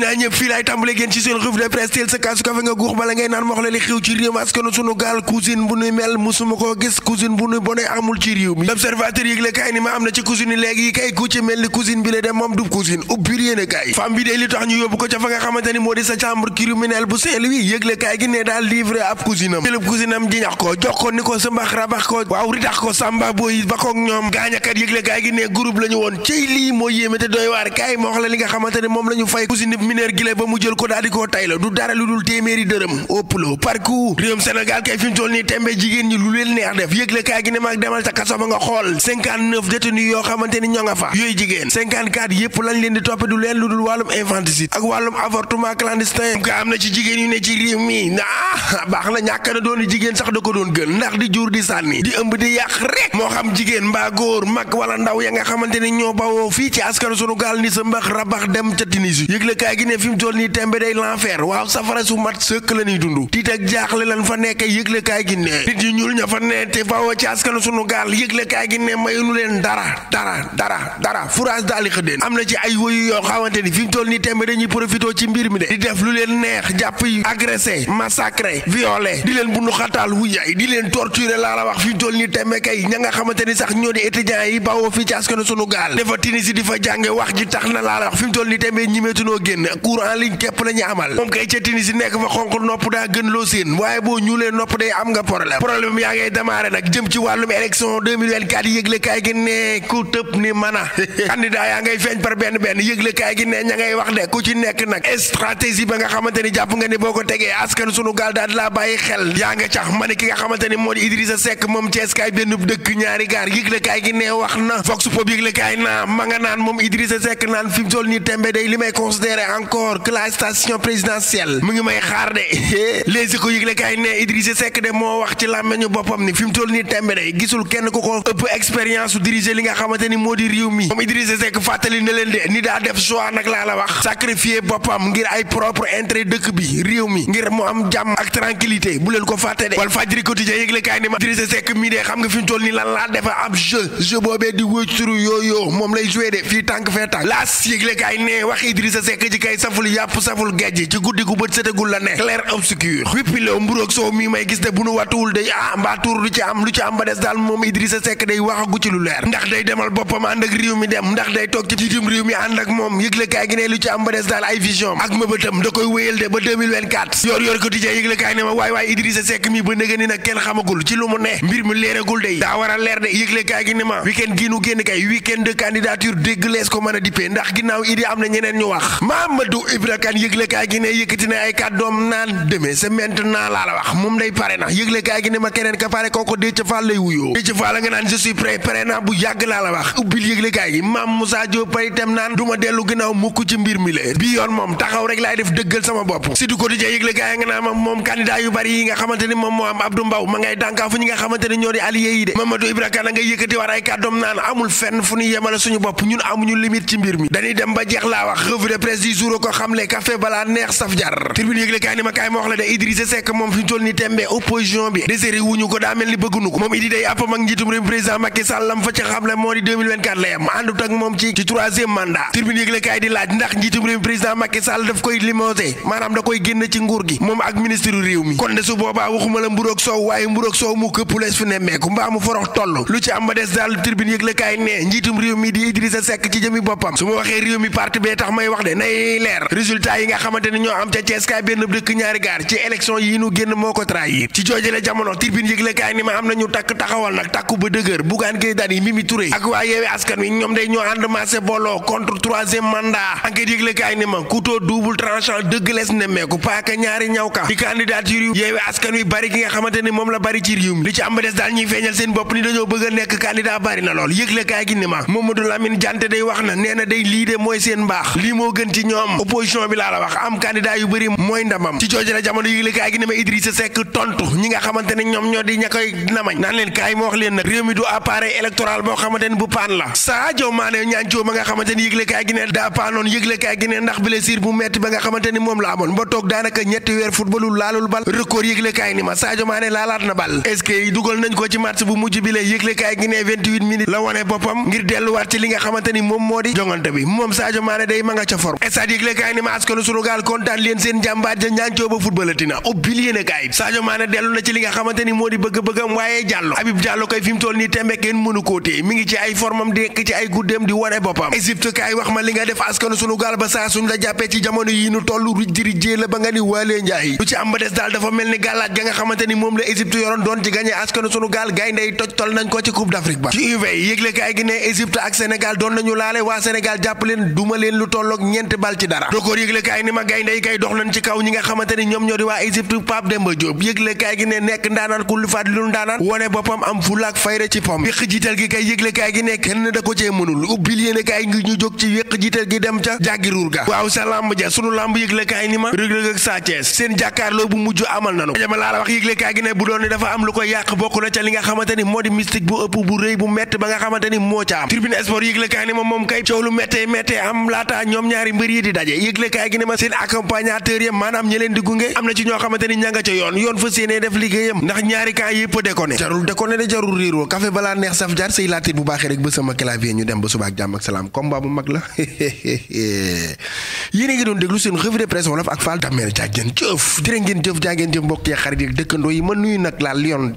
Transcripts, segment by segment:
naa ñëpp fii laay tàmbale ngeen ci seen revue de presse sa kaasu kafe nga guux bala ngay naan wax la ci réew mi askanu sunu gaal cousine bu nuy mel musuma koo gis cousine bu nuy bone amul ci réew mi l'observateur yëgle kaay ni ma am na ci cousine yi léegi kay ku ci mel ni cousine bi dem moom du cousine ubbir yéen a kaay femme bi de li tax ñu yóbbu ko ca fa nga xamante moo di sa chambre criminelle bu Saint-Louis yëgle kaay gi ne daal livré ab cousine mineur gi la ba mu jël ko daal di koo tay la du dara lu dul téeméeri dërëm ëpplo parcours réewum Sénégal kay fi nii tembe jigéen ñi lu leen neex def yëgle kaay gi ne maag demal ca kaso ba nga xool 59 détenus yoo xamante ñoo nga fa yooyu jigéen 54 yëpp lañ leen di toppe du leen lu dul wàllum infanticide ak wàllum avortement clandestin ka am na ci jigéen yu ne ci réew mi ah baax na ñàkk na doon jigéen sax da ko doon gën ndax di jur di sànni di ëmb di yàq rek moo mag wala ndaw ya nga xamante ni ñoo bawoo fii ci askanu sunu gaal ni sa mbax rabax dem gi ne fi mu toll nii tembe day l'enfer waaw safara su mat sëkk la ñuy dund tiit ak jaaxle lan fa nekk yëglekaay gi ne nit yi ñuul ña fa ne te bawoo ci askanu sunu gaal yëglekaay gi ne mayunu leen dara dara dara dara furaas daali xëddeen am na ci ay woyu yoo xamante ni fi toll nii tembe dañuy profité ci mbir mi de di def lu leen neex jàpp yi agressé massacré di leen bundu xataal wuyay di leen torturé laa la wax fi toll nii tembe kay ña nga xamante ni sax ñoo di étudiants yi bawoo fii ci askanu sunu gaal dafa tinisi di cours en ligne képp la ñu amal moom kay ca Tunisie nekk fa xonq nopp daa gën loo seen waaye boo ñuulee nopp day am nga problème problème yaa ngay démarré nag jëm ci wàllum élection kaay gi ne ku tëb ni mana candidat yaa ngay feeñ par benn benn yëgle kaay gi ne ña ngay wax de ku ci nekk nag stratégie ba nga xamante ni jàpp nga ni boo ko tegee askan sunu gaal daal laa bàyyi xel yaa nga cax ma ne ki nga xamante ni moo di Idrissa moom Thiès kaay encore que la station présidentielle mu ngi may xaar de les échos yëgle kaay ne Idrissa Seck de moo wax ci làmmeñu boppam ni fi toll nii tembe de gisul kenn ku ko ëpp expérience su li nga xamante ni moo di réew mi moom Idrissa Seck fàttali na leen de ni daa def choix nag laa la wax sacrifier boppam ngir ay propre intérêt dëkk bi réew mi ngir mu am jàmm ak tranquillité bu ko fàtte de wal fajri quotidien yëgle kaay ne ma Idrissa Seck mii de xam nga kay saful yàpp saful gejj ci guddi gu bët setegul la ne clair obscur wippi lew mburoog soow mi may gis te bu nu wàttuwul day ah mbaa tuur lu ci am lu ci am ba des daal moom Idrissa Seck day waxagu ci lu leer ndax day demal boppam ànd ak réew mi dem ndax day toog ci jiitum réew mi ànd ak moom yëgle gi ne lu ci am ba des daal ay vision ak mëbëtam da koy wéyal de ba 2024 yor yor quotidien yëgle kaay ne ma waay waay Idrissa Seck mi ba nëgëni nag kenn a Amadou Ibra Kane yëglekaay gi ne yëkkati na ay kàddoom naan demee c'est maintenant laa la wax moom day pare na yëglekaay gi ne ma keneen ka pare kooku Déthié Fall lay wuyoo Déthié Fall nga naan je suis prêt pare na bu yàgg laa la wax ubbil yëglekaay gi maam Moussa Diop pare itam naan du dellu ginnaaw mukk ci mbir mi la bi yoon moom taxaw rek laay def dëggal sama bopp si du ko dijee yëglekaay nga naan moom candidat yu bari yi nga xamante jour ko xamle café balaa neex saf jar tribune yëgle kaay njiitum réew président di 2024 la yem ci ci boppam su ma waxee réew mi parti bee tax may wax de yi leer résultat yi nga xamante ni ñoo am ca Thiès benn dëkk ñaari gaar ci élection yi ñu génn moo ko trahir ci joojale jamono tribune yëgle kaay ni ma am nañu takk taxawal nag takku ba dëgër Bougane Gueye Dany Mimi Touré ak waa yeewee askan wi ñoom day ñoo ànd maase booloo contre troisième mandat enquête yëgle kaay ni ma couteau double tranchant dëgg lees nemmeeku paaka ñaari ñaw ka ci candidature yu yeewee askan wi bari gi nga xamante moom la bari a opposition bi laa la wax am candidat yu bëri mooy ndamam ci jooju la jamono yëglekaay gi ne ma Idrissa Seck tontu ñi nga xamante ñoom ñoo di ña koy namañ naan leen kaay ma wax leen réew mi du appareil électoral boo xamante bu paan la Sadio Mané ñaan coow ma nga xamante ne yëglekaay gi ne daa paanoon yëglekaay gi ne ndax blessure bu metti ba nga xamante moom la amoon ba toog daanaka ñetti weer footballu laalul bal record yëglekaay ni ni ma nga ca stade yëgle ni ma askanu sunu gaal kontaan leen seen jàmbaar ja ba footballati na ubbil yéene kaay bi dellu na ci li nga xamante ni moom la Égypte yoroon doon ci gagné askanu sunu gaal gaynde yi toj tol nañ ko ci Coupe d'Afrique ba ci da ko ga waaw sa lamb ja sunu lamb yëgle kaay ni ma Reug Reug ak bu mujj amal nanu jama laa la ni dafa am lu koy yàq bokk na ca li nga xamante moo di mystique bu ëpp bu rëy bu mett ba nga xamante moo ca am tribune sport yëgle ni ma moom kay coow lu mettee mettee am laata ñoom ñaari mbër yi di daje yëglekaay gi ne ma seen accompagnateur ya maanaam ñi leen di am na ci ñoo xamante ni ña nga ca yoon yoon fa séenee def liggéeyam ndax ñaari kaa yëpp déconné jarul déconné de jarul réeroo café balaa neex saf jaar say laate bu baaxee rek ba sama clavier ñu dem ba subaak jàmm ak salaam combat bu mag la yéen ngi doon déglu seen revue de presse wolof ak Fall Damel jàngeen jëf jërë ngeen jëf jàngeen jëf mbokk yi xarit yi dëkkandoo yi ma nuyu nag laa Lion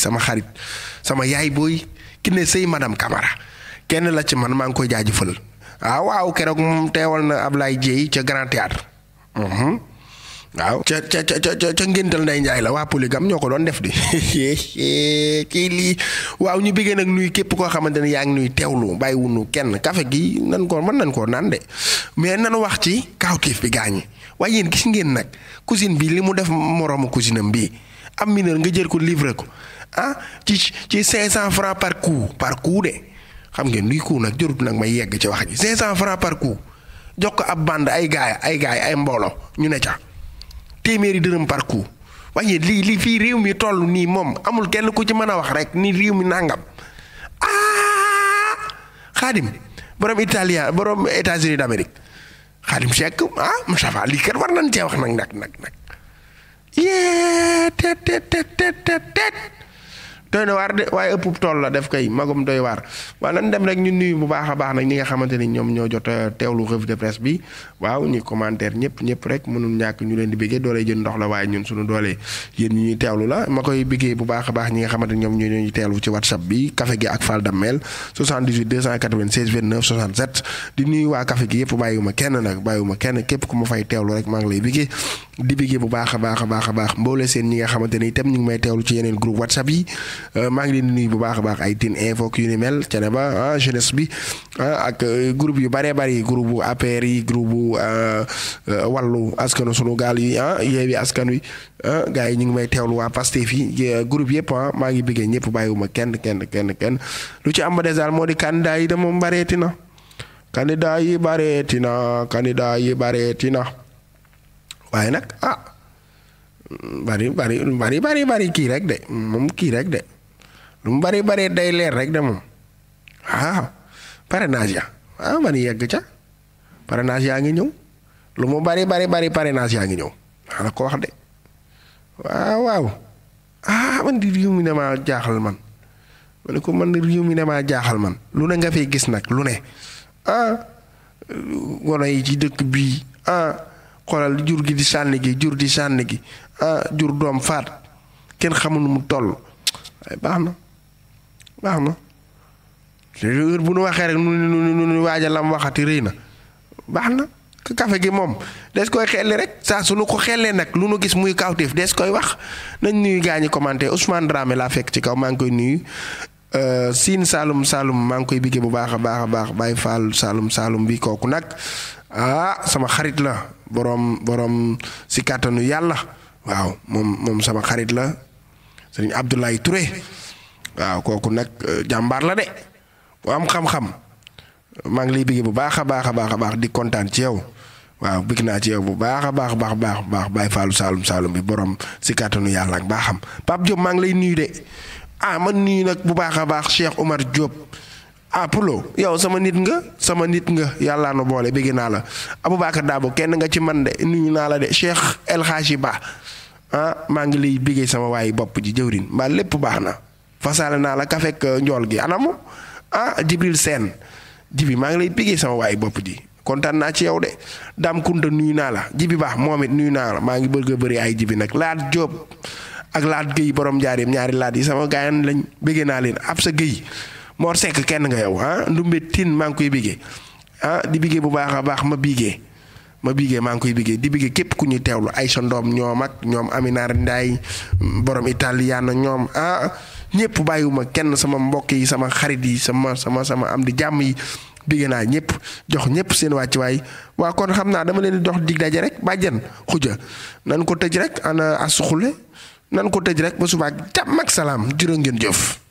sama xarit sama yaay booy ki ne sëy madame Camara kenn la ci man maa ngi koy jaajëfal ah waaw keroog moom teewal na Ablaye Dieye ca Grand Théâtre mhm. waaw ca ca ca ca ngéntal Ndeye Ndiaye la waa polygam ñoo ko doon def di kii lii waaw ñu bëggee nag nuy képp koo xamante ne yaa ngi nuy teewlu bàyyiwunu kenn kafe gi nan ko mën nañ koo naan de mais nanu wax ci kawteef bi gaañi waaye yéen gis ngeen nag cousine bi li mu def moroomu cousine am bii am mineur nga jël ko livre ko ah ci ci 500 francs par coup par coup de. xam ngeen luy coup nag jërut nag may yegg ci wax ji 500 francs par coup jox ko ab bande ay gaay ay gaay ay mbooloo ñu ne ca téeméeri dërëm par coup waaye lii lii fii réew mi toll nii moom amul kenn ku ci mën a wax rek ni réew mi nàngam ah xaadim borom italien borom États-Unis d'Amérique xaadim Cheikh ah Moustapha lii kat war nañ cee wax nag nag nag nag tet tet tet tet doy na waar de waaye ëpp tool la def kay magum doy waar waaw nan dem rek ñu nuyu bu baax a baax nag ñi nga xamante ni ñoom ñoo jot a teewlu revue de presse bi waaw ñu commentaire ñëpp ñëpp rek mënul ñàkk ñu leen di béggee doole ndox la waaye ñun suñu doole yéen ñu ñuy teewlu la ma koy béggee bu baax a baax nga xamante ñoom ñoo ñuy teewlu ci whatsapp bi café gi ak Fall Damel 78 296 29 67 di nuyu waa café gi yëpp ku ma fay teewlu rek maa ngi lay di béggee bu baax a baax a a baax mboole seen ñi nga xamante ni itam ñu may teewlu ci yeneen groupe whatsapp yi Euh, maa ngi leen di bu baax a baax ay tin info yu ni mel cene ba ah jeunesse bi ah, ak euh, groupe yu bëree bëri groupe bu APR yi groupe bu euh, wàllu askanu sunu gaal yi ah yeewi askan wi ah, gars yi ñu ngi may teewlu waa Pastef fii group yëpp ah maa ngi bëggee ñëpp bàyyiwuma kenn kenn kenn kenn lu ci am ba des moo di candidat yi de moom bareeti na candidat yi bareeti na candidat na waaye nag ah, bari bari bari bari bari kii rek de moom kii rek de lu mu bari bari day leer rek de moom waaw parrainage ya ah man yegg ca parrainage yaa ngi ñëw lu mu bari bari bari parrainage yaa ngi ñëw wax ko wax de waaw waaw ah, man di réew mi ne maa jaaxal man ma ko man réew mi jaaxal man lu ne nga fay gis nag lu ne ah gone ci dëkk bii ah. xoolal jur gi di sànni gi jur di sànni gi ah jur doom faat kenn xamul mu toll na baax na léegi bu nu waxee rek nu nu nu waxati rëy na baax na kafe gi moom des koy xelli rek saa su nu ko xellee nag lu nu gis muy kawteef des koy wax nañ nuyu gaa ñi commenté Ousmane Dramé laa fekk ci kaw maa ngi koy nuyu euh, Sine Saalum Saalum maa ngi koy biggee bu baax a baax a baax Baye Fall Saalum Saalum bi kooku nag ah sama xarit la boroom boroom si kàttanu yàlla waaw moom moom sama xarit la sëriñ Abdoulaye Touré waaw kooku nag euh, jàmbaar la de bu am xam-xam maa ngi lay bëgg bu baax a baax a baax baax di kontaan ci yow waaw bigg naa ci yow bu baax a baax baax baax baax Baye Fallou Saloum Saloum bi borom si kàttanu yàlla ak baaxam Pape Diop maa ngi lay nuyu de ah man nuyu nag bu baax a baax Cheikh Omar Diop. ah yow sama nit nga sama nit nga yàllaa nu boole bëgg naa la Aboubacar Dabo kenn nga ci man de nuyu naa la de Cheikh El Hadji baax ah maa ngi lay bëggee sama waayi bopp ji jëwrin mbaa lépp baax na fasaale naa la ka njool gi anamu ah Jibril Sène jibi maa ngi lay bëggee sama waayi bopp ji kontaan naa ci yow de Dame Kounta nuyu naa la jibi baax moom it nuyu naa la maa ngi bëgg bëri ay jibi nag laat Jóob ak laat Guèye borom njaareem ñaari laat yi sama lañ bëggee naa leen ab sa Guèye moo Seck kenn nga yow ah Ndumbe Tine maa ngi koy biggee ah di biggee bu baax a baax ma biggee ma biggee maa ngi koy biggee di biggee képp ku ñuy teew la ay sa ndoom ñoom ak ñoom Amina Ndiaye borom italiano ñoom ah ñëpp bàyyiwuma kenn sama mbokk yi sama xarit yi sama sama sama am di jàmm yi biggee naa ñëpp jox ñëpp seen wàccuwaay waa kon xam naa dama leen di dox dig daje rek bàjjen xuja nan ko tëj rek ana asuxule nan ko tëj rek ba subaak jàmm ak salaam jërë ngeen jëf.